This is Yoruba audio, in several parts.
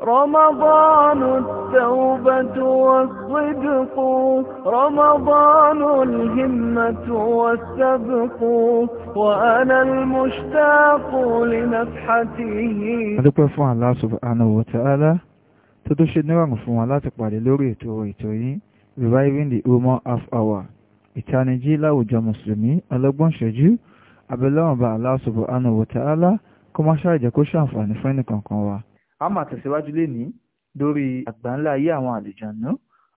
رمضان التوبة والصدق رمضان الهمة والسبق وأنا المشتاق لنفحته أدوكو فوان الله سبحانه وتعالى تدوشي نوان فوان الله تقبالي لوري توي توي reviving the human half hour ìtanijí láwùjọ mùsùlùmí ọlọ́gbọ́n ṣojú abẹ́lẹ́wọ̀n bá Allah subhanahu wa ta'ala kó má ṣàìjẹ́ kó ṣàǹfààní fún ẹnì kankan wa a máa tẹ̀síwájú lénìí lórí àgbáńlá ayé àwọn àlùjànnú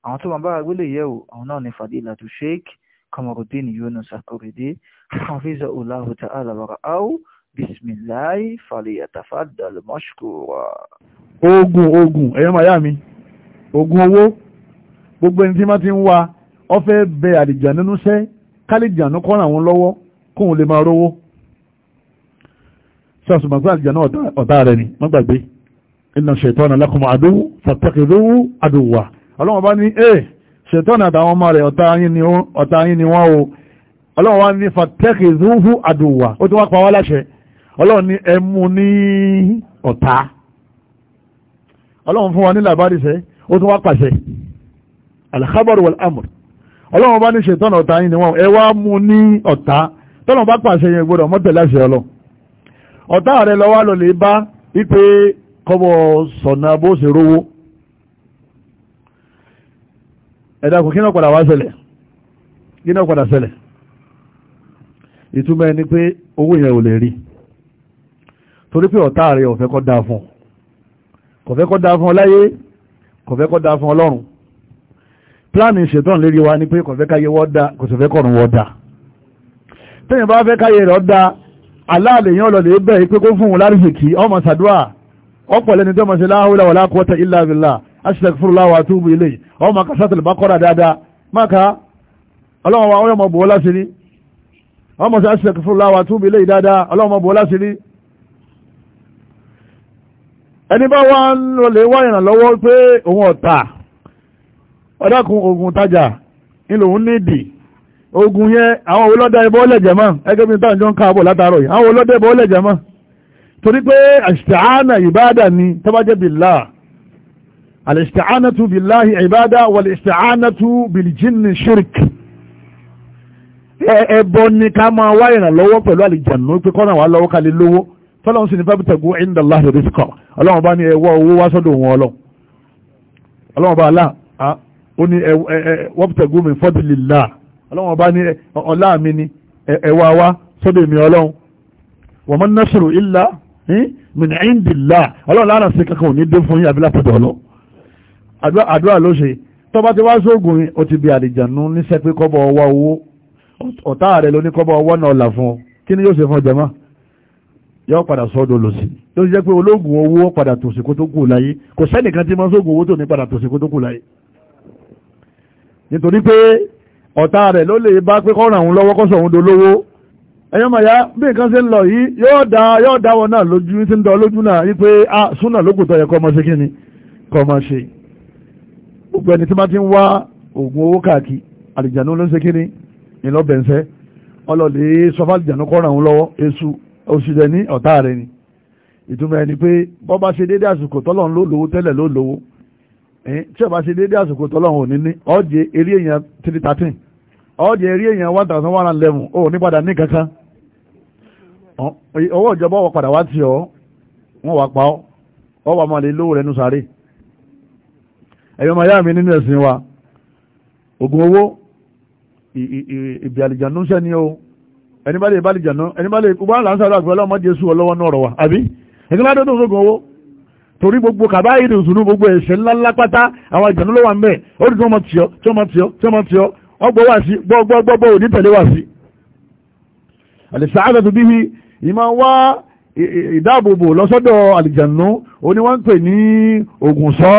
àwọn tó máa bára gbélé yẹ̀ wò àwọn náà ní Fadilatu Sheikh Kamarudeen Yunus Akorede hafiza Allahu ta'ala wara'au bisimilayi falyatafaddal mashkura. oògùn oògùn ẹ̀yọ́ màá yá mi oògùn owó gbogbo ẹni tí wọ́n ti ń wa ọ fẹ́ bẹ àlùjànnú nínú sẹ́ kálíjànú kọ́ràn àwọn lọ́wọ́ kóun lè máa rówó sọ́ọ̀sùn màgbà àlùjànnú ọ̀tá rẹ̀ ni wọ́n gbàgbé inna ṣètọ́nà lakum àdúwò fàtàkìdúwò àdúwà ọlọ́wọ́ bá ní ẹ̀ eh, ṣètọ́nà àtàwọn ọmọ rẹ̀ ọ̀tá yín ni wọ́n o ọlọ́wọ́ wá ní fàtàkìdúwò àdúwà ó ti wá pa wá láṣẹ ọlọ́wọ́ ní ẹmú ní ọ̀tá ọlọ́wọ́ fún wa ní làbáríṣẹ́ ó ti wá pàṣẹ alhabar wal amr ọlọ́wọ́ bá ní ṣètọ́nà ọ̀tá yín ni wọ́n ẹ wá mú ní ọ̀tá kọ́bọ̀ sọ̀nà bó ṣe rówó ẹ̀dàkùn kí náà padà wá ṣẹlẹ̀ kí náà padà ṣẹlẹ̀ ìtumọ̀ ni pé owó yẹn ò lè rí torí pé ọ̀tá rẹ̀ ọ̀fẹ́ kọ́ dáa fún kọ̀fẹ́ kọ́ dáa fún ọláyé kọ̀fẹ́ kọ́ dáa fún ọlọ́run pláàni ìṣètọ́n lérí wa ni pé kọ̀fẹ́ káyé wọ́n dá kò sì fẹ́ kọ̀rùn wọ́n dá tẹ́yìn bá fẹ́ káyé rẹ̀ ọ́ dá aláàlè yẹn ọlọ́lẹ̀ bẹ́ẹ̀ pé kó fún un lárìsìkì ọmọ sàdúrà ọ̀pọ̀ lẹ́ni tó máa ṣe la hawla wala quwwata illa billah astaghfirullah wa atubu ilayh ọ máa ka sátìlì bá kọ́ra dáadáa máa ka ọlọ́wọ́n wa ọyọ́ máa bọ̀ ọlá sí ni ọ máa ṣe astaghfirullah wa atubu ilayh dáadáa ọlọ́wọ́n máa bọ̀ ọlá sí ni. ẹni bá wá ń lọ lè wá ìrànlọ́wọ́ pé òun ọ̀tà ọ̀dàkùn ogun tajà ńlò ń nídìí ogun yẹn àwọn olódà ibọ́ lẹ̀jẹ̀ ẹgẹ́ bí táwọn jọ ń káàbọ̀ látàárọ̀ yìí àwọn olódà ibọ́ lẹ̀jẹ̀ torí pé àṣìṣàánà ìbádà ni tó bá jẹ́ billah al-isti'anatu billahi ìbádà wal-isti'anatu bil-jinni shirk ẹbọ ni ká máa wá ìrànlọ́wọ́ pẹ̀lú àlìjànú pé kọ́nà wà lọ́wọ́ kalẹ̀ lówó fọlọ́run sì ní fábítàgù inda Allahi rizqa ọlọ́run bá ní ẹwọ́ owó wá sọ́dọ̀ wọn ọlọ́ ọlọ́run bá aláà ó ní wọ́pítàgù min fadlillah wa man nasru illa Hm? min indillah ọlọ́run lára sí kankan ò ní dé fún yín àbí látọ̀dọ̀ ọlọ́ àdúrà ló ṣe tó bá ti wá sóògùn o ti bí àdìjànú níṣẹ́ pé kọ́bọ̀ ọwọ́ owó ọ̀tá rẹ̀ ló ní kọ́bọ̀ ọwọ́ náà là fún ọ kí ni yóò ṣe fún ọjọ́mọ́ yóò padà sọ́dọ̀ lò sí yóò jẹ́ pé ológun owó padà tòsí kó tó kù láyé kò sẹ́nìkan tí máa sóògùn owó tó ní padà tòsí kó tó kù láyé nítorí pé ọ̀tá rẹ̀ ló lè bá pé kọ́ràn òun lọ́wọ́ kọ́sọ̀ òun dolówó ẹ̀yọ́ màá yá bí nǹkan ṣe ń lọ yìí yóò dá yóò dá wọn náà lójú tí ń dán lójú náà wípé a ah, súnà lókùtọ yẹ kọ́ ọmọ ṣe kí ni kọ́ ọmọ ṣe gbogbo ẹni tí wọ́n ti ń wá oògùn owó káàkiri àlìjànú ló ń ṣe kí ni ìlọ́bẹ̀nsẹ́ ọlọ́lẹ̀ sọfà àlìjànú kọ́ra òun lọ́wọ́ èṣù òṣìṣẹ́ ọ̀tá rẹ̀ ni ìtumọ̀ ẹni pé bọ́ bá ṣe déédé àsìkò tọ́lọ́run ló eré èèyàn three one thousand one eleven ò ní padà ní kankan owó ìjọba wọ padà wá tí ọ wọ́n wà pa ọ́ ọ wà máa lè lówó rẹ̀ nù sáré ẹ̀yọ́ máa yá mi nínú ẹ̀sìn wa ògùn owó ìbí àlìjànú ṣẹ́ ni o ẹni bá lè bá àlìjànú ẹni bá lè gbogbo àlàáńsára àgbẹ̀ ọlọ́mọdé sú ọlọ́wọ́ náà rọ̀ wá àbí ẹ̀gbọ́n tó sógun owó torí gbogbo kàbá ìrìn òsùnú gbogbo ẹ̀ṣẹ̀ ńláńlá pátá àwọn ìjànú ló wà ń bẹ̀ ó dì tí wọ́n mọ̀ tí ọ́ tí wọ́n mọ̀ tí ọ́ tí wọ́n mọ̀ tí ọ́ ọgbọ́ wà sí gbọ́gbọ́gbọ́ òní tẹ̀lé wà sí àlè sàádà tó bíbí ìmọ̀ wá ìdáàbòbò lọ́sọ́dọ̀ àlìjànú òní wọ́n ń pè ní ògùn sọ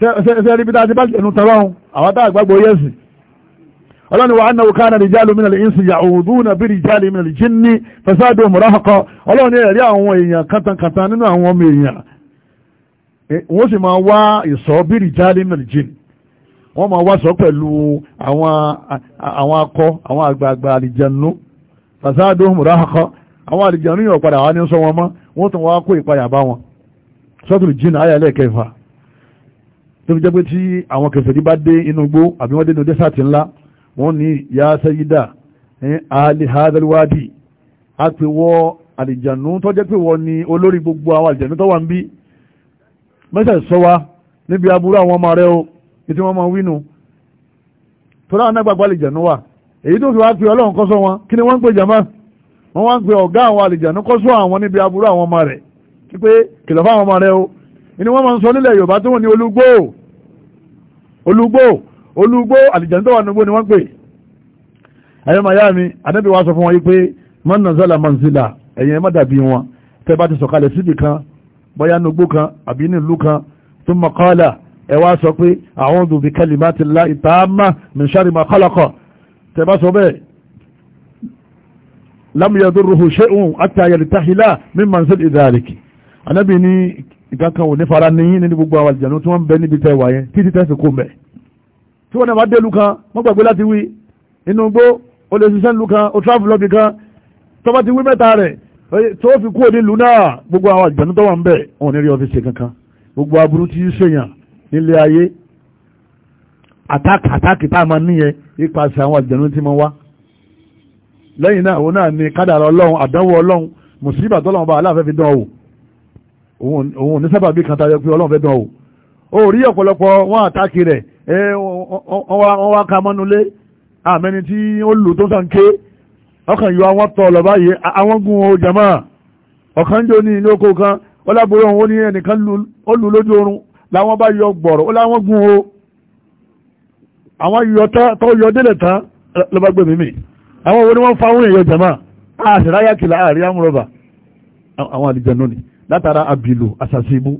sẹ́rí bí dáadé bá jẹ̀nu tọ́lọ́run àwọn tá àgbàgbọ́ yẹ́sì ọlọ́ni wa annahu kana rijalun minal insi ya'uduna bi rijalin minal jinni fasadu murahaqa ọlọ́ni ẹ̀rí àwọn èèyàn kàtàkàtà nínú àwọn ọmọ èèyàn wọ́n sì máa wá ìsọ́ bi rijalin minal jinni wọ́n máa wá sọ pẹ̀lú àwọn akọ àwọn àgbààgbà àlìjànú fasado murahakọ àwọn àlìjànú yóò padà wá ní sọ wọn mọ́ wọ́n tún wá kó ìpayà bá wọn sọ́tùlù jìn àyà lẹ́ẹ̀kẹfà tó fi jẹ́ pé tí àwọn kèfèrí bá dé inú igbó àbí wọ́n dé inú dẹ́sàtì ńlá wọ́n ní ya sayida ali hadalwadi a ti wọ àlìjànú tó jẹ́ pé wọ́n ní olórí gbogbo àwọn àlìjànú èyí tó fi wá pe ọlọ́run kọ́sọ́ wọn kí ni wọ́n ń pè jàmá wọ́n wá ń pe ọ̀gá àwọn àlìjànú kọ́sọ́ àwọn níbi aburú àwọn ọmọ rẹ̀ wípé kìlọ̀ fáwọn ọmọ rẹ̀ o ni wọ́n máa ń sọ nílẹ̀ yorùbá tó wọ́n ní olúgbó olúgbó olúgbó àlìjànú tó wà nígbó ni wọ́n pè ayọ́ màá yá mi anábì wa sọ fún wọn yìí pé mọ́nàzọ́là mọ́nzílà ẹ̀yìn ẹ̀ má dàbí wọn tẹ́ bá ti sọ̀kalẹ̀ síbì kan bọ́yá nugbó kan àbí nílùú kan tó mọ̀ ẹ̀ wá sọ pé a'udhu bi kalimati llahi tamma min sharri ma tẹ̀bá sọ bẹ́ẹ̀ lámúyẹ̀dọ́ ruhu ṣéhùn àtàyẹ̀lì táhìlá mímọ̀ ní sẹ́dì ìdáríkì anábì ní ìkankan ò ní fara níyìn ní gbogbo àwọn àlìjànú tí wọ́n ń bẹ níbi tẹ́ wà yẹn títí tẹ́sí kó mẹ́ tí wọ́n náà bá délu kan wọ́n gbàgbé láti wí inú gbó o lè ṣiṣẹ́ lu kan o travel lọ́bì kan tó ti wí mẹ́ta rẹ̀ tó fi kú òní lu náà gbogbo àwọn àlìjànú tó wà ń bẹ wọn ò kankan gbogbo aburú ti ṣèyàn nílé ayé Attack! Attack! tá a máa níyẹn ipasẹ̀ àwọn àjẹ̀nú tí mo wá lẹ́yìn náà òun náà ni kádàrà ọlọ́run àdánwò ọlọ́run mùsíbà tọ́lọ́run bá aláàfẹ́ fi dán o òun ò ní sábà bí kan tayọ pé ọlọ́run fẹ́ dán o ó rí ọ̀pọ̀lọpọ̀ wọn àtàkì rẹ̀ wọ́n wá ka mọ́nulé àmẹ́ni tí ó lù tó sàn ké ọkàn yọ àwọn tọ̀ lọ báyìí àwọn gun o jama ọ̀kan jò ní ilé oko kan ọlábòrò òun ó ní ẹnìkan ó lù lójú oorun làwọn bá yọ gbọ̀rọ̀ ó láwọn gun o àwọn yọta tó yọ délẹ̀ tán ló bá gbé mímì àwọn wo ni wọ́n fáwọn èèyàn jẹ̀mọ́ àṣìráyà kìlà àrí àmúrọ̀bà àwọn àlìjẹ̀nú ni látara àbìlù àṣàṣìbú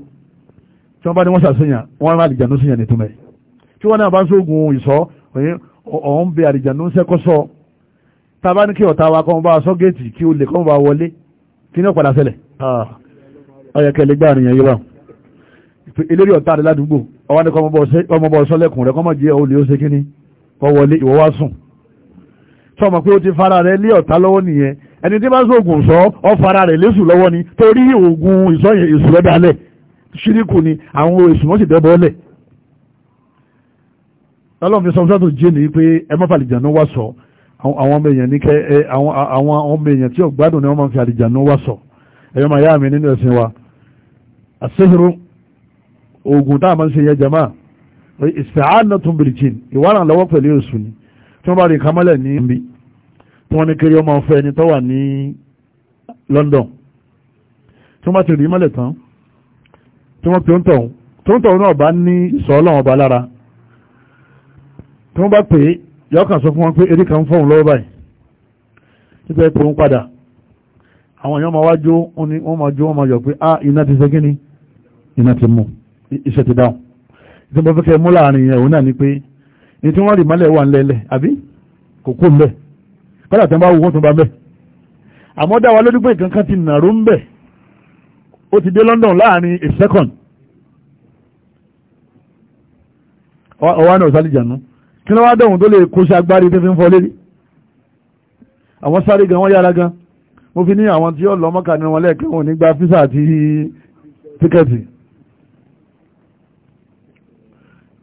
tí wọ́n bá ní wọ́n ṣàṣeyàn wọ́n rán àlìjẹ̀nú síyàn ní túmẹ̀ tí wọ́n náà bá ń sóògùn ìsọ ọ̀hún bẹ àlìjẹ̀nú sẹ́kọ́sọ́ tàbá ní kí ọ̀tá wa kọ́ bá sọ́gẹ́ẹ̀tì kí ó lè kọ́ bá wọlé kí ní ọ̀padà ṣẹlẹ̀ ọ̀yẹ̀kẹ́ ah, lè gbá àríyàn yóò báwọn eléré ọ̀tá rẹ̀ ládùúgbò ọwá ní kọmọbọ̀ sọ́lẹ̀kùn rẹ̀ kọmọ̀ jẹ́ olè ó ṣe kíní kọwọlé ìwọ́wá sùn sọmọ pé ó ti fara rẹ̀ lé ọ̀tá lọ́wọ́ nìyẹn ẹni tí bá sóògùn sọ ọ fara rẹ̀ lésù lọ́wọ́ ni torí oògùn ìsọyìn èsù rẹ̀ dalẹ̀ ṣíríkù ni àwọn èsù wọ́n sì dẹ́bọ̀ ọ́lẹ̀ ọlọ́run fi sọ àwọn ni wọ́n máa fi àlìjànú wá sọ ẹ̀yọ́ màá yá oògùn tá a máa ń ṣe yẹn jama ìsàánà tún bèrè jìn ìwárà lọ́wọ́ pẹ̀lú èṣù ni tí wọ́n bá rí kamẹ́lẹ̀ ní ibi tí wọ́n ní kiri ọmọ ọ̀fẹ́ ẹni tó ní London tí wọ́n bá ti rí mọ́lẹ̀ tán tí wọ́n pè ń tọ̀hún tó ń tọ̀hún náà bá ní sọ ọlọ́run ọba lára tí wọ́n bá pè é yọkàn sọ fún wọn pé eré kan fọ́hún lọ́wọ́ báyìí nípa ipò ń padà àwọn èèyàn máa wá jó wọ́n máa pé ah iná ti ṣe iná ti mú iṣẹ́ ti dáhùn ìṣẹ́ bọ́ fẹ́kẹ́ mú láàrin yẹn òun náà ni pé ní tí wọ́n rì mọ́lẹ̀ wà ńlẹ̀lẹ̀ àbí kò kó mbẹ̀ kọ́lá tẹ́ bá wù wọ́n tún bá mbẹ̀ àmọ́ dá wa lójú pé kankan ti nàró mbẹ̀ ó ti dé London láàrin a second ọwọ́ náà sálìjànú kí ló wá dọ̀hún tó lè kó ṣe agbárí tó fi ń fọ lérí àwọn sáré gan wọ́n yára gan mo fi ní àwọn tí ó lọ mọ́kà ní wọn lẹ́ẹ̀kẹ́ wọn nígbà físà àti tíkẹ́ẹ̀tì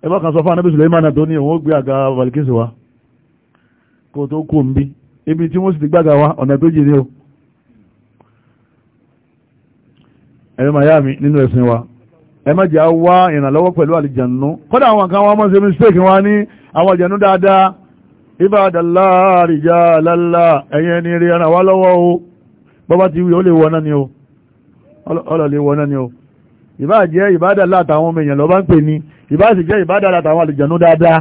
ẹbá kan sọ fún anábì Suleiman tó ní òun ó gbé àga valikisi wa kó tó kó ń bí ibi tí wọ́n sì ti gbága wa ọ̀nà tó jì ní o ẹ̀rọ miami nínú ẹ̀sìn wa ẹ má jẹ́ wá ìrànlọ́wọ́ pẹ̀lú àlìjànú kọ́dà àwọn kan wọ́n mọ́ sí mistake wọn ní àwọn àjànú dáadáa ibadala àrìjà lálá ẹ̀yẹn ni rí ara wa lọ́wọ́ o bọ́bá ti wí ó lè wọ lè wọ náà ni o ìbá jẹ́ ìbádà látàwọn ọmọ èèyàn lọ bá ń pè ní ìbá sì jẹ́ ìbádà látàwọn àlìjànú dáadáa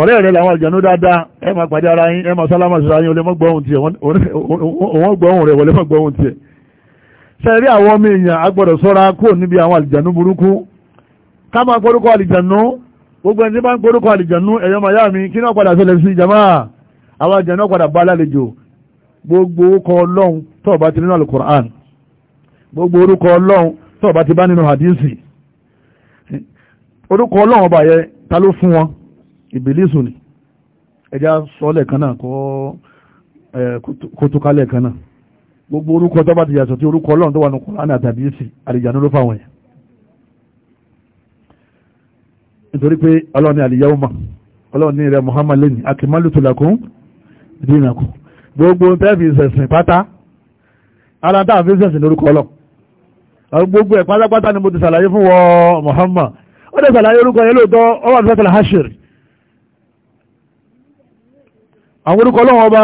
ọ̀rẹ́ rẹ̀ làwọn àlìjànú dáadáa ẹ máa pàdé ara yín ẹ máa sálámà síra yín olèmọ́ gbọ́hùn tiẹ̀ wọ́n gbọ́hùn rẹ̀ wọlémọ́ gbọ́hùn tiẹ̀ sẹ́rí àwọn ọmọ èèyàn agbọ́dọ̀ sọ́ra kúrò níbi àwọn àlìjànú burúkú ká máa porúkọ àlìjànú gbogbo ẹni tí bá ń porúkọ àlìjànú ẹ̀yọ́ màyá mi kí náà padà ṣẹlẹ̀ sí jama àwọn àlìjànú padà bá lálejò gbogbo orúkọ ọlọ́run tó bá ti nínú àlùkùrán gbogbo orúkọ ọlọ́run tó ọba ti bá nínú hadisi orúkọ ọlọ́run ọba yẹ ta ló fún wọn ìbílísù ni ẹja sọ́lẹ̀ kan náà kọ́ kótókálẹ̀ kan náà gbogbo orúkọ tó bá ti yàtọ̀ tí orúkọ ọlọ́run tó wà ní Kùránì àtàbí sí àlìjànú ló fáwọn yẹn nítorí pé ọlọ́run ní àlìyáwọ́mà ọlọ́run ní rẹ̀ Muhammad lẹ́yìn akimálùtùlákún dínàkù gbogbo tẹ́ẹ̀fì ìsẹ̀sìn pátá ara dáàfin ìsẹ̀sìn lórúkọ ọlọ́run gbogbo ẹ̀ pátápátá ni mo ti ṣàlàyé fún wọ Muhammad ó dẹ̀ ṣàlàyé orúkọ yẹn lóòótọ́ ó wà nífẹ̀ẹ́ tàlàhásìrì àwọn orúkọ ọlọ́wọ́ ọba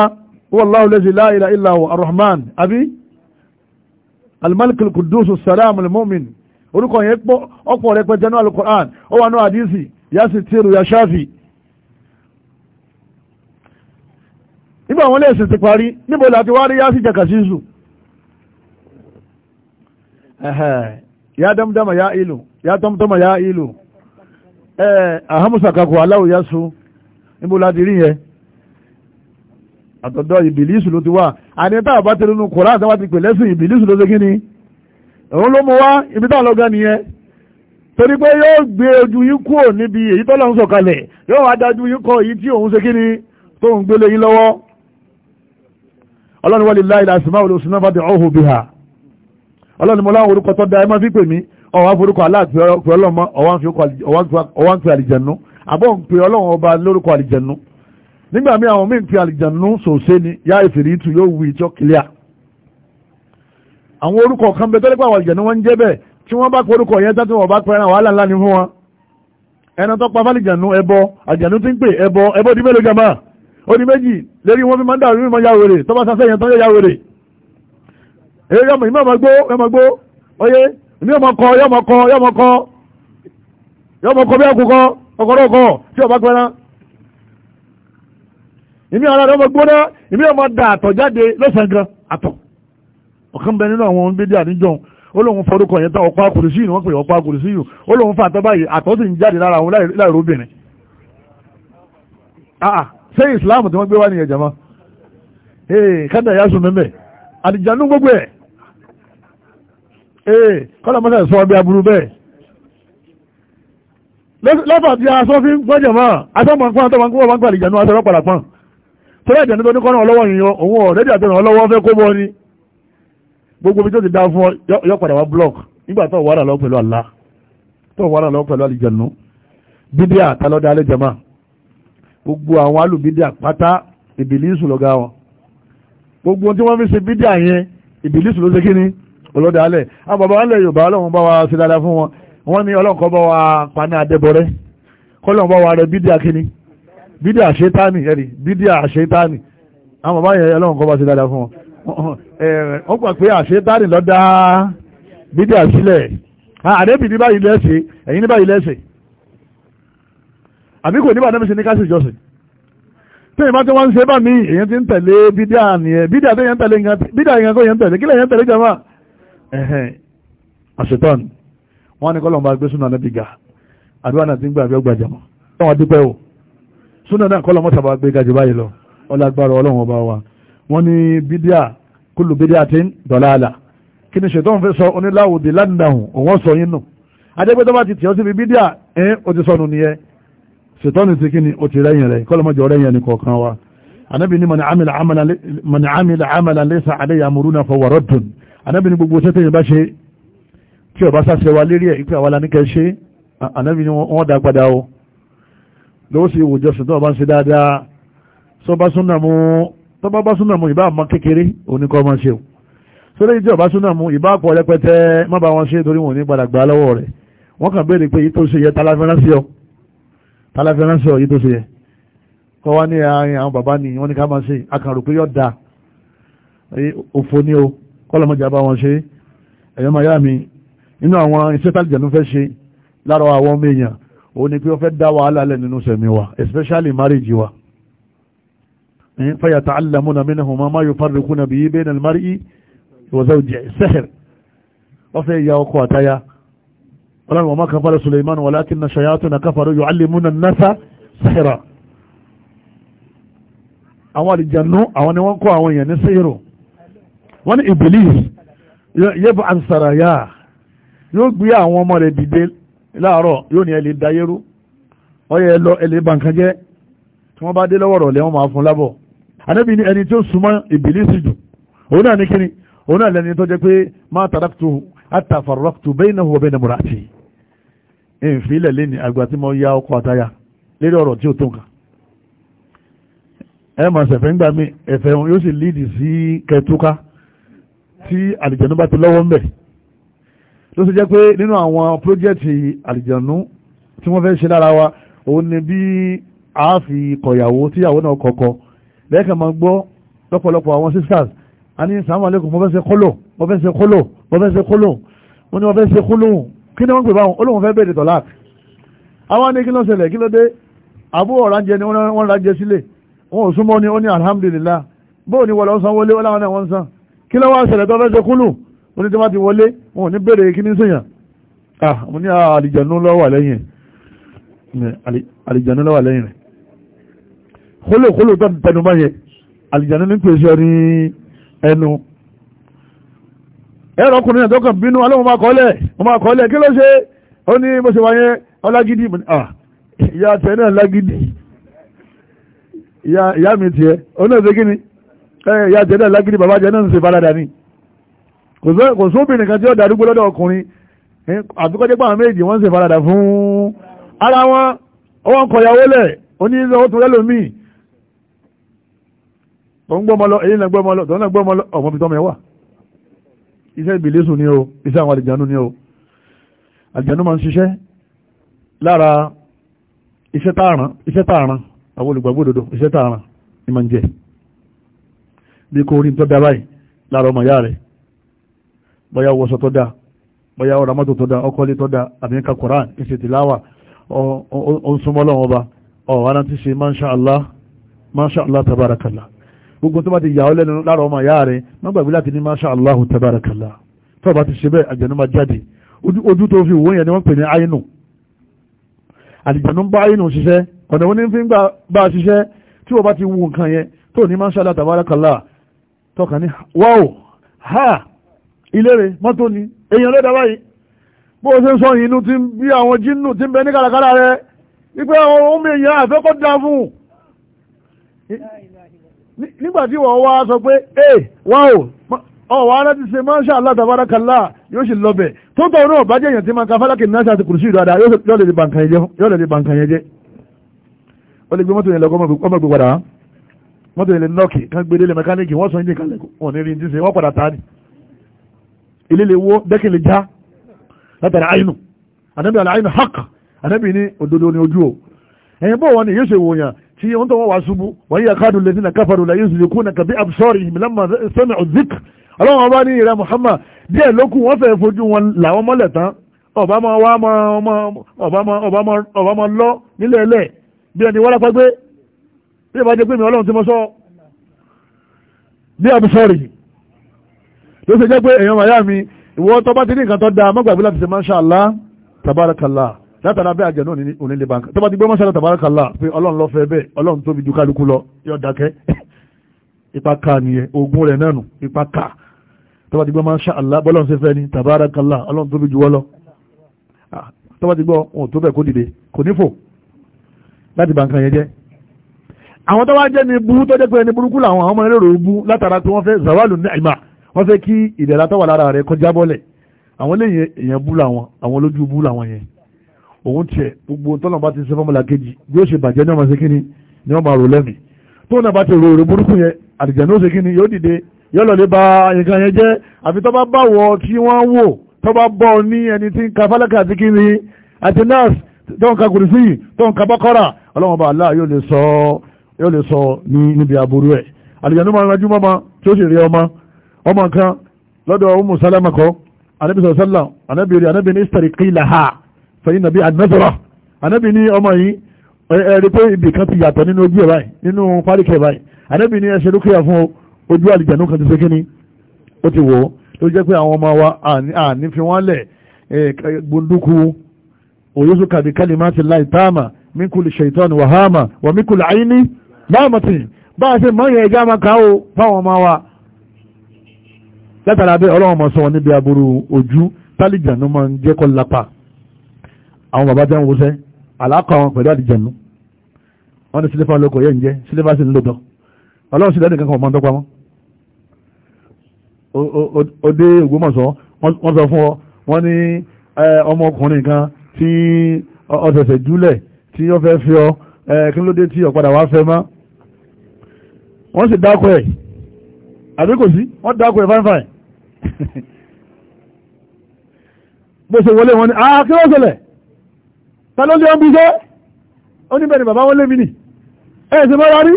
wallahu lazi la ilaha illa huwa arrahman àbí almalikul kudusu salamul mu'min orúkọ yẹn pọ̀ ọ̀pọ̀ rẹ̀ pẹ̀jẹ́ náà alukur'an ó wà náà àdísì yá sì tìrù yá ṣáfì nígbà wọn lè sì ti parí níbo làti wá rí yá sì jẹ́ kàṣíṣù ya damdama ya ilu ya tamtama ya ilu eh ahamusa kakọ aláwò ya su níbo láti rí yẹn àtọ̀dọ̀ ìbìlísù ti wa àní tá àbá tẹnu nu kòrán àtàwọn ti pè lẹ́sìn ìbìlísù ló lo kí ibi táwọn lọ́gán nìyẹn torí pé yóò gbé ojú yín ni tóun gbélé yín lọ́wọ́ ọlọ́run wọlé láìláṣìmáwò ọlọ́ni mo láwọn orúkọ tó da ẹ máa fi pè mí ọwọ́n forúkọ aláàtì pé ọlọ́mọ ọwọ́n ń pe àlìjẹ̀nu àbọ̀ ń pe ọlọ́run ọba lórúkọ àlìjẹ̀nu nígbà míì àwọn míì ń pe àlìjẹ̀nu sòṣe ni yá ìfìrí ìtù yóò wù ìtọ́ kílíà àwọn orúkọ kan bẹ tọ́lẹ́pẹ́ àwọn àlìjẹ̀nu wọ́n ń jẹ́ bẹ́ẹ̀ tí wọ́n bá pe orúkọ yẹn tán tí wọ́n bá pe ẹran wàhálà ńlá ni fún wọn ẹran tó pa fálìjẹ̀nu ẹbọ àlìjẹ̀nu ti ń pè ẹbọ ẹbọ di mélòó jama ó di méjì lérí wọn fi máa ń dàrú mímọ yáwèrè tó sasẹ́ yẹn tán yóò yáwèrè èyí yọmọ ìmọ̀ ọmọ gbó yọmọ gbó oyé ìmí ọmọ kọ yọmọ kọ yọmọ kọ yọmọ kọ bí ẹkù kọ ọkọ̀rọ̀ kọ tí ọba gbẹ́ná ìmí ara rẹ̀ ọmọ gbóná ìmí ọmọ da àtọ̀ jáde lọ́sàn-án gan àtọ̀ ọ̀kan bẹ nínú àwọn bídí àníjọ ó lóun fọdúkọ yẹn tán ọkọ akùrù sí ìlú wọn pè ọkọ akùrù sí ìlú ó lóun fà tọ́ báyìí àtọ̀ sì ń jáde lára àwọn láìrò obìnrin ṣé ìsìláàmù tí wọ́n gbé wá nìyẹn jẹ́ mọ́ kádà yá sùn mẹ́mẹ́ àdìjánú gbogbo ẹ̀ ee eh, kọ́lọ̀ mọ́sẹ̀ sọ bí aburú bẹ́ẹ̀ lọ́fà tí a sọ fi ń gbọ́jẹ̀ mọ́ atọ́mọ̀pọ́n atọ́mọ̀pọ́n wọn gbàlejò ní aṣọ ọ̀pọ̀lá pọ́n torí ẹ̀jẹ̀ nítorí kọ́nà ọlọ́wọ́ yìí yan òun ọ̀rẹ́dì àti ọlọ́wọ́ fẹ́ kó bọ́ ni gbogbo block nígbà tó wàrà lọ pẹ̀lú Allah tó wàrà lọ pẹ̀lú àlìjẹ̀nu bídíà tálọ́dá alẹ́ jẹ̀má gbogbo àwọn alùbídíà pátá ìbìlísù lọ́gá wọn gbogbo tí wọ́n fi ṣe ni olódàálẹ̀ àwọn bàbá alẹ̀ yorùbá ọlọ́run bá wa ṣe dáadáa fún wọn wọ́n ní ọlọ́run kọ́ bá wa paná adébọrẹ́ kọ́lọ́run bá wa rẹ bídíà kíni bídíà ṣetáni ẹ̀rì bídíà ṣetáni àwọn bàbá yẹn ọlọ́run kọ́ bá ṣe dáadáa fún wọn ó gbà pé àṣetáni ló dá bídíà sílẹ̀ ah, àdébì ní báyìí lẹ́sẹ̀ ẹ̀yìn ní báyìí lẹ́sẹ̀ àbí kò ní bàdébì sí ní káṣí ìjọsìn tí ìbá tí wọ́n ń ṣe bá mi èyàn ti ń tẹ̀lé bídíà nìyẹn bídíà tó yẹn ń tẹ̀lé nǹkan bídíà yẹn kó yẹn ń tẹ̀lé kí lẹ́yìn ń tẹ̀lé jẹ́ máa ẹ̀hẹ́n àṣetán wọ́n ní kọ́lọ̀mù bá gbé súnà náà bìgà àdúrà náà ti ń gbà bí ọgbà jàmọ́ wọ́n dúpẹ́ o súnà náà gbé gajù báyìí lọ ọlágbára ọlọ́run ọba wa wọ́n ní bídíà kúlù bídíà ti ń dọ̀lá àlà kí ni ṣetán fẹ́ sọ oníláwòdì lánàáhùn òun sọ yín nù adégbé tó bá ti tìọ́ síbi bídíà ẹ̀ ó ti sọnù nìyẹn ní ti kí ni ti rẹ́yìn rẹ̀ rẹ́yìn kọ̀ọ̀kan wa anábì ní anábì ní gbogbo sẹ́tẹ̀ yìí bá ṣe tí ọba sáṣẹ wa lérí ẹ̀ ìpé àwọn aláníkẹ́ ṣe anábì ní wọ́n dá padà o lọ́wọ́ sí ìwòjọsìn tó ọba ń ṣe dáadáa sọba súnà mú tọ́ba bá súnà mú ìbá àmọ́ kékeré oníkọ́ ọmọ ṣe o sọ́dọ̀ yìí tí ọba súnà mú ìbá àpọ̀ rẹpẹtẹ má bá wọn ṣe torí wọn ní padà gbà lọ́wọ́ rẹ̀ wọ́n kàn béèrè pé yìí tó ṣe yẹ ni wọ́n ní ká máa kọ́lọ̀mọ́jà bá wọn ṣe ẹ̀yọ́ maya mi nínú àwọn iṣẹ́ tàbí jẹ̀nu fẹ́ ṣe lára àwọn ọmọ èèyàn ó ní pé ó fẹ́ dá wàhálà lẹ̀ nínú sẹ̀mí wa especially marriage wa fẹ́yàtà alàmúnà mínú ma máa yóò fárikú nàbí yí bẹ́ẹ̀ nàlmárí ìwọ̀sẹ̀ òjẹ̀ sẹ́hẹ̀r wọ́n fẹ́ ya ọkọ̀ àtayá ọlọ́run wọn máa kan fara Suleiman walakinna shayatuna àwọn àlìjànú àwọn ni wọ́n kọ́ àwọn èèyàn ní sẹ́hẹ̀rù wọ́n ní Iblis yẹ́bù ansaraya yóò gbé àwọn ọmọ rẹ̀ dìde láàárọ̀ yóò ní ẹlẹ́ dayérú ọyẹ ẹlọ ẹlẹ́ bankanjẹ́ tí wọ́n bá dé lọ́wọ́ rọ̀lẹ́ wọn máa fún lábọ̀ anábì ní ẹni tí ó súnmọ́ Iblis jù òun náà ní kíni òun náà lẹ́ni tó jẹ́ pé má taraktu àtàfàrọ́kùtù bainahu wa baina murati ìfilẹ̀ lẹ́ni àgbà tí mo ya ọkọ̀ àtayà lérí ọ̀rọ̀ tí ó tó nǹkan ẹ máa ṣẹ̀fẹ̀ ń gbà mí ẹ̀fẹ̀ yóò sì líìdì sí kẹtúká tí àlìjẹ̀nú bá ti lọ́wọ́ ńbẹ̀ ló ṣe jẹ́ pé nínú àwọn pírójẹ́tì àlìjẹ̀nú tí wọ́n fẹ́ ṣe lára wa òun ni bí a fi kọ̀yàwó tíyàwó náà kọ̀kọ̀ lẹ́ẹ̀kan máa gbọ́ lọ́pọ̀lọpọ̀ àwọn sisters a ní sàmú àlékún wọ́n fẹ́ ṣe kólò wọ́n fẹ́ ṣe kólò wọ́n fẹ́ ṣe kólò wọ́n ní wọ́n fẹ́ ṣe kólò kí ni wọ́n pè báwọn olóhùn fẹ́ bèèrè tọ̀lá àwọn ní kí ló ṣẹlẹ̀ kí ló dé àbúrò ránjẹ ni wọ́n ránjẹ sílẹ̀ wọn ò súnmọ́ ni ó ní alhamdulillah bóò ni wọ́n lọ sanwó lé wọ́n láwọn náà wọ́n ń san kí ló wá ṣẹlẹ̀ tó fẹ́ ṣe kúlù mo ní tí wọ́n ti wọlé wọn ò ní bèrè kí sèyàn ah mo ní àlìjànú lọ́wọ́ lẹ́yìn àlìjànú lọ́wọ́ lẹ́yìn rẹ̀ kólòkólò tó tẹnu bá yẹn àlìjànú ní pèsè ọ ní ẹnu ẹ̀rọ ọkùnrin náà tó kàn bínú alẹ́ mo máa kọ́lẹ̀ mo máa kọ́lẹ̀ kí ló ṣe ó ní mo ṣe wáyé ọlágídí ah ìyá tẹ náà lágídí ìyá mi tiẹ̀ ó náà ṣe kí ni ẹ̀yà jẹ́ náà lágídí bàbá jẹ́ náà ń ṣe farada ni kò sóbìnrin kan tí ó darúgbó lọ́dọ̀ ọkùnrin àbíkọ́jẹ́ pàwọn méjì wọ́n ń ṣe farada fún ara wọn ọwọ́n kọ̀yàwó lẹ̀ onílé ọtún lẹ́lòmíì tó ń gbọ́mọ lọ èyí náà gbọ́mọ lọ tó ń gbọ́mọ lọ ọmọ bíi tọ́mọ ẹ wà iṣẹ́ ìbílẹ̀sùn ni o iṣẹ́ àwọn àlìjánu ni o àlìjánu máa ń ṣiṣẹ́ lára iṣẹ́ tààràn àwọn olùgbàgbọ́ iṣẹ́ tààràn ni máa ń jẹ́ bí kò rí tó dá báyìí lára ọmọ ìyá rẹ̀ bọ́yá wọṣọ tó dá bọ́yá ọ̀rọ̀ mọ́tò tó dá ọkọ̀lé tó dá àbíkà koran ìṣe tìláwà ó ń súnmọ́ ọba ọ̀hánà ti ṣe masha Allah masha Allah tabarakallah gbogbo tó bá ti yà ọ́ lẹ́nu masha Allah tabarakallah tó bá ti ṣe bẹ́ẹ̀ àjẹ̀nú máa jáde ojú ni wọ́n pè ní àyínú àdìjẹ̀nú bá àyínú ṣiṣẹ́ ọ̀nà wọn ní fi ń gbà bá ṣiṣẹ́ tí wọ́n bá ti wù nǹkan yẹn tó ní masha Allah tabarakallah tọ́ka ní wáò ha ilére mọ́tò ni èèyàn lọ́dà báyìí bó o ṣe ń sọ inú ti ń bí àwọn jínú ti ń bẹ ní kàràkàrà rẹ wípé àwọn ohun èèyàn àfẹ́kọ́ dá fún nígbà tí wọ́n wá sọ pé ẹ wáò ọ̀wọ́ ara ti ṣe máa ń ṣàlá tàbárakàlá yóò sì lọ bẹ̀ tó tọ̀ náà bá jẹ́ èèyàn tí máa ka fálákì náà ṣàti kùrùsù ìdáadáa yóò lè di bàǹkà yẹn jẹ́ ó lè gbé mọ́tò yẹn lọ kọ́mọ̀ gbé padà mọ́tò ilẹ̀ nọ́ọ̀kì kan gbé délé mẹkáníìkì wọ́n sọ ní ìkàlẹ̀ wọn ní rí ní ṣe wọ́n padà tà ní ilé lè wó dẹ́kì lè já látàrí àyínú ànábì àlàyínú hàk ànábì ní òdodo ní ojú o ẹ̀yìn bọ́ wọn ni yóò ṣe wò yàn tí wọ́n tó wọ́n wá ṣubú wọ́n yà káàdùn lè dínà káfàrù lè yóò kú nà kàbí absọ́rì ìmìlàmà sẹ́mi ọ̀zik ọlọ́run ọba ní ìrẹ́ Muhammad díẹ̀ ló kù wọ́n fẹ́ fojú wọn làwọn mọ́lẹ̀ tán ọba máa lọ nílẹ̀ ẹlẹ́ bí ẹni wọ́n lápá gbé bí ìbá jẹ́ pé mi ọlọ́run ti mọ́ sọ bí àbúsọ̀rì tó ṣe jẹ́ pé èèyàn màyá mi ìwọ tó bá ti ní nǹkan tó da mọ́gbàgbé láti ṣe mashallah tabarakala látara bẹ́ẹ̀ àjẹ̀ náà ní onílé bank tó bá ti gbé mashallah tabarakala pé ọlọ́run lọ fẹ́ bẹ́ẹ̀ ọlọ́run tóbi ju kálukú lọ yọ dákẹ́ ipa ka nìyẹn ogun rẹ̀ náà nù ipa ka tó bá ti gbé mashallah bọ́lọ́run ṣe fẹ́ ni tabarakala ọlọ́run tóbi ju wọ́ lọ ah, tó bá ti gbọ́ wọn ò tó bẹ́ẹ̀ kó dìde kò nífò láti bàǹkan yẹn jẹ́ àwọn tó wá jẹ́ ní burú tó jẹ́ pé ẹni burúkú làwọn àwọn ọmọ ẹlẹ́rọ ogun látara tí wọ́n fẹ́ zawalu ni'ima wọ́n fẹ́ kí ìdẹ̀ra tó wà lára rẹ̀ kọjá bọ́lẹ̀ àwọn lẹ́yìn èèyàn bú làwọn àwọn lójú bú làwọn yẹn òun tiẹ̀ gbogbo tọ́lọ̀ bá ti ṣe fọ́mọ́lá kejì bí ó ṣe bàjẹ́ ní ọmọ ṣe kíni ni wọ́n máa rò lẹ́mìí tó bá ti rò rè burúkú yẹn àdìjànú ṣe kíni yóò dìde yóò lọ lè ba nǹkan yẹn jẹ́ àfi tó bá bá wọ tí wọ́n wò tó bá bọ́ ní ẹni tí ń ka fálákà àti kíni àti nọ́ọ̀sì tó kùrìsì tó bọ́kọ́rà ọlọ́run bá aláà yóò lè sọ ọ́ yóò lè sọ ní níbi aburú ẹ̀ àlìjànú máa rájú mọ́mọ́ tí ó sì rí ọmọ ọmọ kan lọ́dọ̀ ọmọ sálámà kọ́ anábì sọ̀rọ̀ sálà anábì rí anábì ní ìsítàrí kílà ha fẹ̀yìn nàbí àdínásọ̀rọ̀ anábì ní ọmọ yìí ẹ̀rí pé ibì kan ti yàtọ̀ nínú ojú ẹ̀ báyìí nínú páríkẹ̀ báyìí anábì ní ẹsẹ̀ lókè fún ojú àlìjànú kan ti ṣe kíní ó ti wò ó ló jẹ́ pé àwọn ọmọ wa àní fi wọ́n lẹ̀ gbunduku òyìnbó kàbí kálí má ti láì táàmà mí kúlì ṣèitán wàhámà wà mí àyíní dáàmọ̀tì bá a ṣe mọ́yìn ẹja máa kà ó fáwọn ọmọ wa látara bẹ́ẹ̀ ọlọ́run mọ̀ sọ wọn níbi aburú ojú tálíjànú máa ń jẹ́ kọ́ lápá àwọn bàbá jẹ́ ń wọṣẹ́ àlákọ̀ àwọn pẹ̀lú àdìjànú wọ́n ní sílífà lóko yẹ́ ń jẹ́ sílífà sì ń lò dán ọlọ́run sì lẹ́nu kankan ọmọ ọdọ́pá mọ́ òde Ògbómọ̀ṣọ́ sọ fún ọ wọ́n ní ọmọkùnrin kan tí ọ̀sẹ̀sẹ̀ júlẹ̀ tí ó fẹ́ fi ọ kí ló dé tí ọ̀padà wá fẹ́ mọ́ wọ́n sì dákọ̀ ẹ̀ àbí kò sí wọ́n dákọ̀ ẹ̀ fáìfáì bó ṣe wọlé wọn ni àà ah, kí wọ́n ṣẹlẹ̀ ta ló lé ọ́n bí iṣẹ́ ó ní bẹ́ẹ̀ ni bàbá wọn lé mi nì ẹ̀ ṣe mọ́ra rí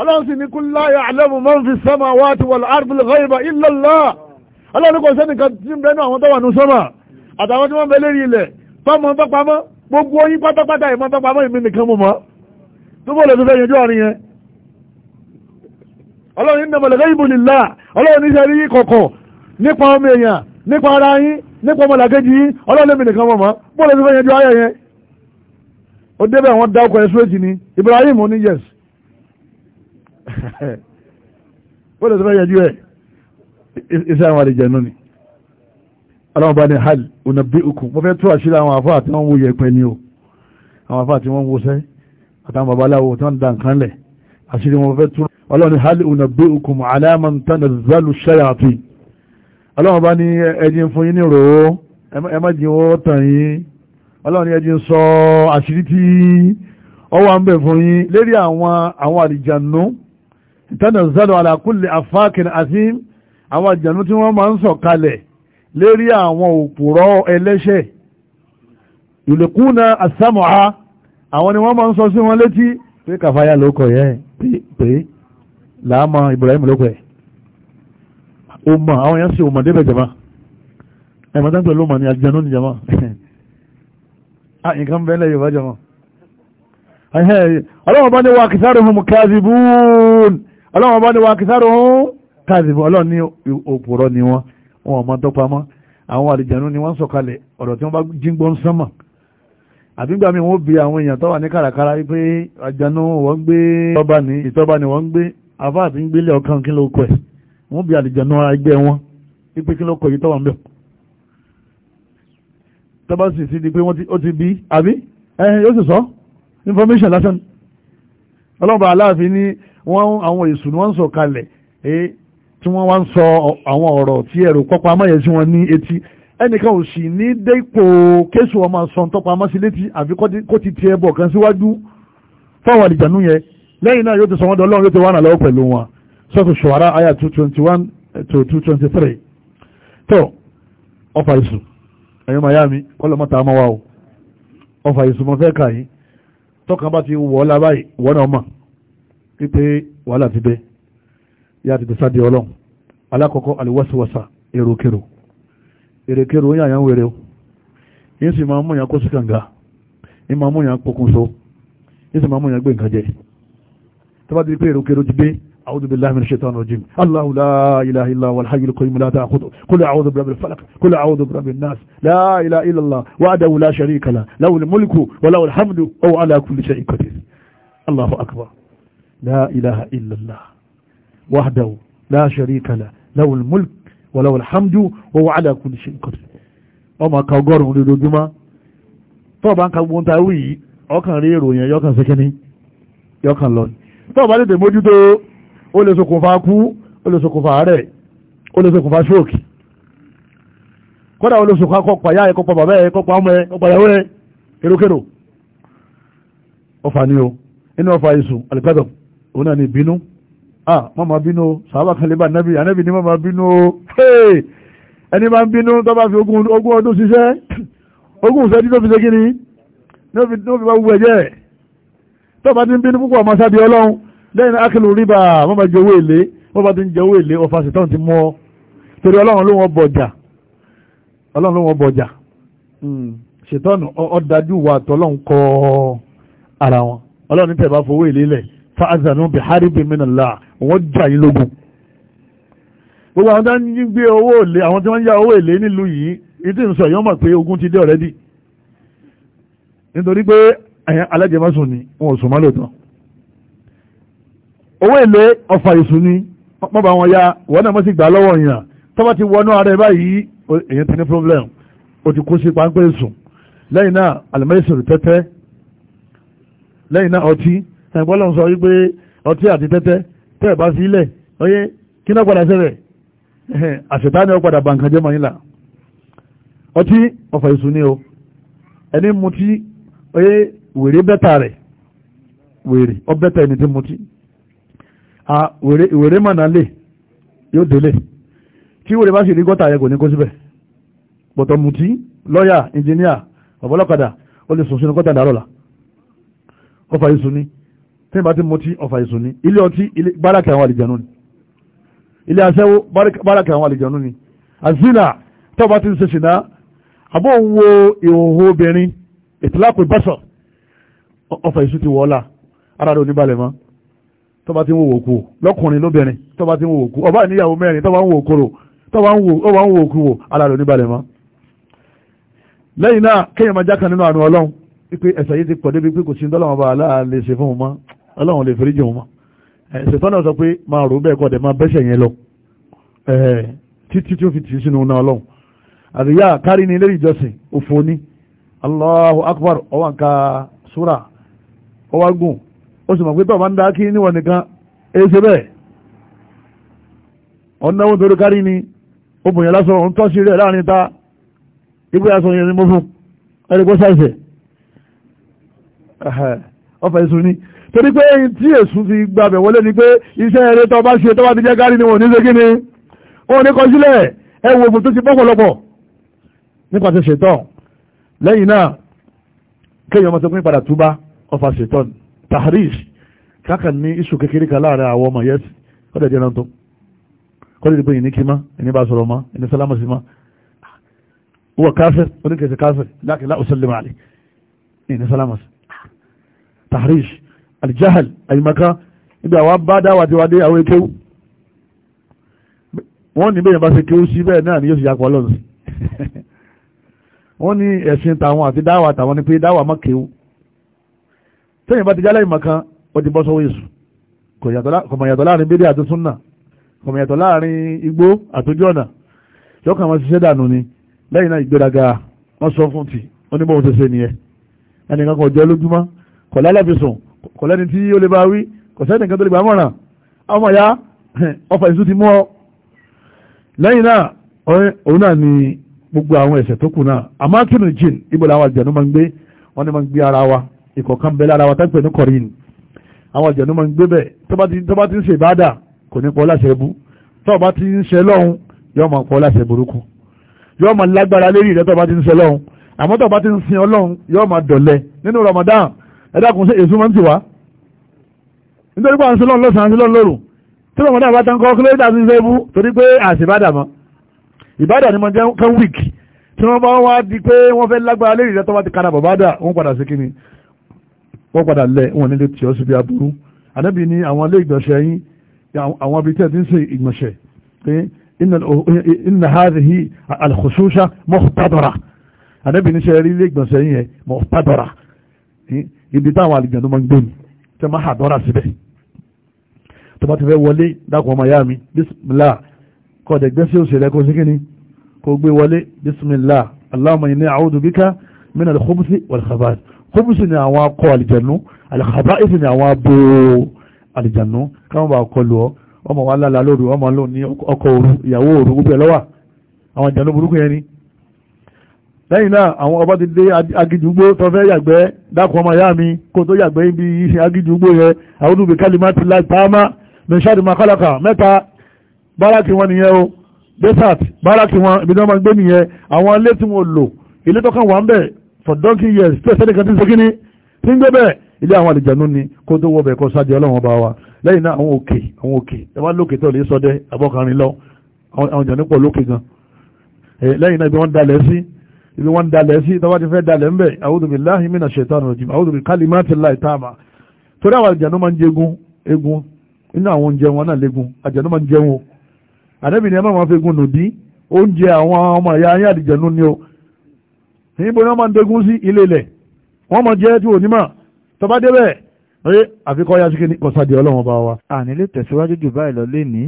ọlọ́run sì ní kul la ya'lamu man fi samawati wal ardil ghaiba illa Allah ọlọ́run kò sẹ́nìkan tí ń bẹ́nu àwọn tó wà ní sọ́mà àtàwọn tí wọ́n bẹ lérí ilẹ̀ fọ́mọ́ tọ́pamọ́ gbogbo yín pátápátá ìmọ́ tọ́pamọ́ ìmí nìkan mọ́ tó bọ́ lọ́dún fẹ́ yẹjọ́ ọ̀rin yẹn ọlọ́run ní ọmọlẹ̀gẹ́ ìbò nìlá ọlọ́run ní sẹ́rí kọ̀kọ̀ nípa ọmọ èèyàn nípa ara yín nípa ọmọlàkejì yín ọlọ́run lèmi nìkan mọ̀mọ́ bọ́ lọ́dún fẹ́ yẹjọ́ ayẹ yẹn ó débẹ̀ wọ́n ni Ibrahim ó yes bọ́ lọ́dún fẹ́ yẹjọ́ ẹ̀ iṣẹ́ àwọn àlejò ẹ̀nú ni ọlọ́run bá ní hal ònàbí okùn mo fẹ́ tó àṣírí àwọn àfáà tí wọ́n ń wo yẹpẹ ni o àwọn àfáà tí wọ́n ń sẹ́yìn àtàwọn babaláwo tí wọ́n dá nǹkan lẹ̀ àṣírí wọn fẹ́ tún ọlọ́run hal unabbi'ukum ala man tanazzalu shayatin ọlọ́run bá ní ẹjìn fún yín ní ròó ẹ má jìn ó tàn yín ọlọ́run ẹjìn sọ àṣírí tí ó wà ń bẹ̀ fún yín lérí àwọn àwọn àlìjànú tanazzalu ala kulli afakin azim àwọn àlìjànú tí wọ́n máa ń sọ̀ kalẹ̀ lérí àwọn òpùrọ̀ ẹlẹ́ṣẹ̀ yulquna as àwọn ni wọ́n máa ń sọ sí wọn létí pé kàfáyà ló kọ̀ yẹn pé làámọ̀ Ibrahim ló ẹ̀ o mọ̀ àwọn yẹn sì o mọ̀ débẹ̀ jama ẹ̀mọ́ tán pẹ̀lú mọ̀ ní àjẹnú ní jama nǹkan bẹ́ẹ̀ lẹ́yìn bá jama ọlọ́wọ́n bá ní wa aktharuhum kadhibun ọlọ́wọ́n bá ní wa aktharuhum kadhibun ọlọ́wọ́n ní àbígbà mi wọ́n bí àwọn èèyàn tó wà ní kàràkàrà wípé àjànú wọ́n gbé ìtọ́ba ní ìtọ́ba ni wọ́n gbé afá àti ń gbélé ọkàn kí ló kọ ẹ̀ wọ́n bí àlìjànú ara ẹgbẹ́ wọn wípé kí ló kọ yìí tọ́wà ń bẹ̀ tọ́ba sì sí di pé ó ti bí àbí ẹ̀hìn yóò sì sọ information lásán ọlọ́ba aláàfin ní wọ́n àwọn èṣù ni wọ́n ń sọ kalẹ̀ eh, tí wọ́n wá ń sọ àwọn ọ̀rọ̀ tí ẹ̀rù kọ́pamọ́ yẹn tí ní etí ẹnìkan ò sì ní dépò kéṣù ọmọ sọ̀n tọ́pa amásí létí àfi kó ti tiẹ̀ bọ̀ kan síwájú fáwọn àdìjànú yẹn lẹ́yìn náà yóò ti sọ wọ́n dọ́lọ́run yóò ti wà náà lọ́wọ́ pẹ̀lú wọn sọ́tù ṣùwárà àyà 221 to 223 tó ọfà ìsù ẹ̀yìn miami kọ́lọ́mọ́ta máa wà o ọfà ìsù mọ́ fẹ́ kà yín tọ́kàn bá ti wọ̀ ọ́ lábáyé wọ́n náà mọ̀ pípé wàhálà ti dé yá ti tẹ̀sán èrèkèrò ń yàyàn wèrè o yín sì máa mú yàn kó sí kànga yín máa mú yàn pokùn so yín sì máa mú yàn gbé nǹkan jẹ tó bá di pé èrèkèrò ti dé أعوذ بالله من الشيطان الرجيم الله لا إله إلا هو الحي القيوم لا تأخذه قل أعوذ برب الفلق قل أعوذ برب الناس لا إله إلا الله وحده لا شريك له له الملك وله الحمد وهو على كل شيء قدير الله أكبر لا إله إلا الله وحده لا شريك له له الملك wàlá alhamdu wa wà ala kulli shay'in qadir ọmọ aka ọgọ́rùn lójoojúmọ́ tó bá ń ka gbogbo ta wí ọkàn rí ìròyìn yọkàn sẹ́kẹ́ni yọkàn lọ tó bá lè dè mójútó ó lè ṣokùnfà kú ó lè ṣokùnfà àárẹ̀ ó lè ṣokùnfà ṣóòkì kódà ó lè ṣokùnfà kọpa yá ẹ kọpa bàbá ẹ kọpa ọmọ ẹ kọpa ìyàwó ẹ kérókérò ọfà ni o inú ọfà èso alìpẹ́dọ̀ òun náà ni ìbínú ah mọ́mọ́ bínú sàábà kan lè bá nẹ́bí ànẹ́bí ní mọ́mọ́ bínú ẹni bá ń bínú tó bá fi ogún ọdún ṣiṣẹ́ ogún ìṣẹ́jú tó fi ṣe kíni tó fi bá wúwo ẹ̀jẹ̀ tó bá ti ń bínú púpọ̀ ọmọ sábì ọlọ́run lẹ́yìn akílù rìbá wọ́n bá jẹ owó èlé wọ́n bá ti ń jẹ owó èlé ọfà ṣetán ti mú ọ torí ọlọ́run ló wọ́n bọ̀jà ọlọ́run ló wọ́n bọ̀jà ṣetán hmm. ọ̀dájú wà tọ́lọ́run kọ́ ara wọn ọlọ́run tẹ̀ bá fowó èlé lẹ̀ fa azanu bi haribi Allah wọ́n jà yín lógun gbogbo àwọn tó ń gbé owó èlé àwọn tí wọ́n ń ya owó èlé nílùú yìí ìdí ń sọ èèyàn mọ̀ pé ogun ti dé ọ̀rẹ́dì nítorí pé alájẹmọ́sùn ni wọn ò sùn mọ́ lóòótọ́ owó èlé ọ̀fà ìsùn ni wọ́n bá wọn ya wọ́n náà mọ́ sí gbà lọ́wọ́ yàn tó ti wọnú ara ẹ báyìí èèyàn ti ní problem ó ti kó sí páńpẹ́ sùn lẹ́yìn náà àlùmọ́sùn tẹ́tẹ́ lẹ́yìn náà ọtí ẹ̀gbọ́n lọ́n sọ wípé ọtí àti tẹ́tẹ́ tẹ́ ẹ̀ bá fi ilẹ̀ ọyẹ́ kí náà padà sẹ́rẹ̀ àṣetá ni ó padà bá nǹkan jẹ́ mọ́yìnlá ọtí ọ̀fà èso ni o ẹni mutí ọyẹ́ wèrè bẹ́tà rẹ̀ wèrè ọ bẹ́tà ẹni tí mutí wèrè mọ̀nà lè yóò délé tí wèrè bá sì rí gọ́tà yẹ kò ní kó síbẹ̀ pọ̀tọ̀ mutí lọ́yà ìnjìníà ọ̀bọ̀lọ́kadà ó lè sùn sínú gọ́tà dàrọ̀là ọ̀fà èso ni tí ìbá ti mutí ọ̀fà ìsùn ni ilé ọtí báràkì àwọn àlìjẹ̀nú ni ilé aṣẹ́wó báràkì àwọn àlìjẹ̀nú ni azina tó bá ti ń ṣe ṣìná àbọ̀ wo ìhòhò obìnrin ìtìlápò ìbásọ̀ ọ̀fà ìsùn ti wọ́ọ́lá ara rẹ̀ oníbalẹ̀ mọ́ tó bá ti ń wòwò kú lọ́kùnrin lóbìnrin tó bá ti ń wòwò kú ọba níyàwó mẹ́rin tó bá ń wò kúrò tó ń wò kú wò ara rẹ̀ oníbalẹ̀ mọ́ lẹ́yìn náà kéèyàn máa jákàn nínú àrùn ọlọ́run pípé ẹ̀sẹ̀ yìí ti pọ̀ débi pé kò sí ń dọ́lọ́wọ́n bá aláàlẹ́ ṣe fún un mọ́ ọlọ́run lè foríjì wọn ṣètọ́nà sọ pé máa rò bẹ́ẹ̀ kọ́dẹ̀ máa bẹ́sẹ̀ yẹn lọ títí tí ó fi sínú náà ọlọ́run àríyá kárí ni ilé ìjọsìn òfò ní Allahu Akbar ọwọ́ nǹkan súra ọwọ́ gùn ó sì mọ̀ nìkan bẹ́ẹ̀ torí kárí ni obìnrin tọ́sí rẹ̀ láàrin ta ọfà èso ni torí pé tí èso fi gbàbẹ̀ wọlé ni pé iṣẹ́ eré tó bá ṣe tó bá ti jẹ́ gárí ni wọn ò ní ṣe kí ni wọn ò ní kọ sílẹ̀ ẹ wo oògùn tó ti pọ́pọ̀lọpọ̀ nípa ti ṣètọ́ lẹ́yìn náà kéèyàn ọmọ tó pín padà túbá ọfà ṣètọ́ tahrish kákan ní iṣu kékeré kan láàrin àwọn ọmọ yẹn kọ́dẹ̀ jẹ́ náà tó kọ́dẹ̀ ti pé ìní kí ìní bá sọ̀rọ̀ má ìní sálámà sí má wọ́n káfẹ́ oníkẹ̀ẹ́sẹ̀ káfẹ́ lákìlá òṣèlú màálì ìní sálámà sí tahrish alijahal àyìnbákan níbi àwọn bá dáwà tí wà dé àwọn ekéwù wọ́n ní bẹ́yẹn bá ṣe kéwù sí bẹ́ẹ̀ náà ni yóò ṣe yàpọ̀ lọ́nà sí wọ́n ní ẹ̀sìn tàwọn àti dáwà tàwọn ni pé dáwà má kéwù tẹ́yìn bá ti jálẹ̀ ìmọ̀kan ó ti bọ́ sọ́wọ́ èṣù kò yàtọ̀ láàrin bídí àti súnà kò yàtọ̀ láàrin igbó àtòjú ọ̀nà yọkàn wọn ṣiṣẹ́ dànù ni lẹ́yìn náà ìgbéraga wọ́n sọ fún ti onímọ̀ òṣèṣe nìyẹn ẹnìkan kan jẹ́ lójúmọ́ kò lálàbìsùn kò lẹ́ni tí ó lè bá wí kò sẹ́ni kan tó lè gbà mọ̀ràn ọmọ ya ọfà ìṣú ti mú ọ lẹ́yìn náà òun náà ni gbogbo àwọn ẹ̀ṣẹ̀ tó kù náà àmọ́ kínú jìn ibo làwọn àjẹ̀nú máa ń gbé wọ́n ní máa ń gbé ara wa ìkọ̀kan bẹ lára wa tápẹ̀ ní kọ̀rin àwọn àjẹ̀nú máa ń gbé bẹ̀ tó bá ti ń ṣe ìbáàdà kò ní pọ̀ láṣẹ bú tó bá lérí rẹ tó ti ń ṣe lọ́hùn àmọ́ tó ti ń sin ọlọ́hun yóò máa dọ̀lẹ nínú Ramadan ẹ̀dàkùn sí èso máa ń ti wá nítorí pé à ń sí lọ́nà lọ́sàn án sí lọ́nà lóru tí wọ́n mọ̀dá àbátan kọ́ kílódé àti ìfẹ́ ibú torí pé àṣìbádà mọ́ ìbádà ni mo jẹ́ kan wíìkì tí wọ́n bá wá di pé wọ́n fẹ́ lágbára lérí ìrẹ́tọ́ bá ti kára bàbádà wọ́n padà sí kíni wọ́n padà lẹ̀ wọ́n nílé tí ó sì bí aburú ànábì ni àwọn ilé ìgbọ̀nsẹ̀ yín àwọn ibi tí ẹ ti ń ṣe ìgbọ̀nsẹ̀ inna hadhihi alkhususha muhtadara ànábì ni sẹ́yìn ilé ìgbọ̀nsẹ̀ yín yẹn muhtadara ibi táwọn àlìjànú máa ń gbé ni tẹ́ máa hàdọ́rà síbẹ̀ tó bá ti fẹ́ wọlé dákun ọmọ ìyá mi bísímìlá kọ́ọ̀dẹ̀ gbẹ́sẹ̀ òṣèré kó sí kíni kó gbé wọlé bísímìlá Allahumma inni a'udhu bika min al-khubuthi wal-khabath khubuthi ni àwọn akọ àlìjànú al-khabaith ni àwọn abo àlìjànú lẹ́yìn náà àwọn ọba ti dé agijugbo tó fẹ́ yàgbẹ́ dákun ọmọ ìyá mi kó tó yàgbẹ́ ibi iṣẹ́ agijugbo yẹn àwọn olùgbé kálímà ti láì pàmà mẹ́ṣáàdì makalaka mẹ́ta báràkì wọn nìyẹn o desert báràkì wọn ibi náà máa gbé nìyẹn àwọn ilé tí wọn lò ilé tó kàn wà ń bẹ̀ for donkey years tó ẹ̀sẹ̀ nìkan ti ń ṣe kíní tí ń gbé bẹ́ẹ̀ ilé àwọn àlìjànú ni kó tó wọ bẹ̀ kó sáájú ọlọ́run ọba wa lẹ́yìn náà àwọn òkè àwọn ibi wọ́n dalẹ̀ ibi wọ́n dalẹ̀ sí tọ́wọ́ ti fẹ́ dalẹ̀ ń bẹ̀ a'udhu billahi mina shaitan rajim a'udhu bi kalimati llahi tama torí àwọn àjànú máa ń jẹgun egun inú àwọn oúnjẹ wọn náà légun àjànú máa ń jẹun o àdẹ́bì ni ẹ máa fi gun nòdí oúnjẹ àwọn ọmọ ìyá ayé àdìjẹ̀nu ni o níbo ni wọ́n máa ń dégún sí ilé ilẹ̀ wọ́n máa jẹ́ tí onímọ̀ tọ́ba débẹ̀ oye àfikọ́ ya síkí ní kọ́sádìí ọlọ́run bá wa. ànílé tẹ̀síwájú jù báyìí lọ lé ní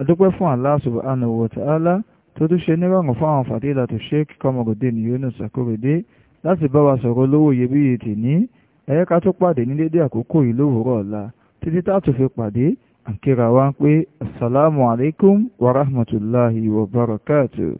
adúpẹ́ fún Allah subhanahu wa ta'ala tó tún ṣe nírọ̀rùn fún àwọn fàdílàtò sheik kọmọgòdìn Yunus Akorede láti bá wa sọ̀rọ̀ lówó iyebíye tèní ẹ jẹ́ ká tó pàdé ní dédé àkókò yìí lówùúrọ̀ ọ̀la títí tá fi pàdé àkírà wa ń pé asalaamualeykum wa rahmatulahi wa barakatuh.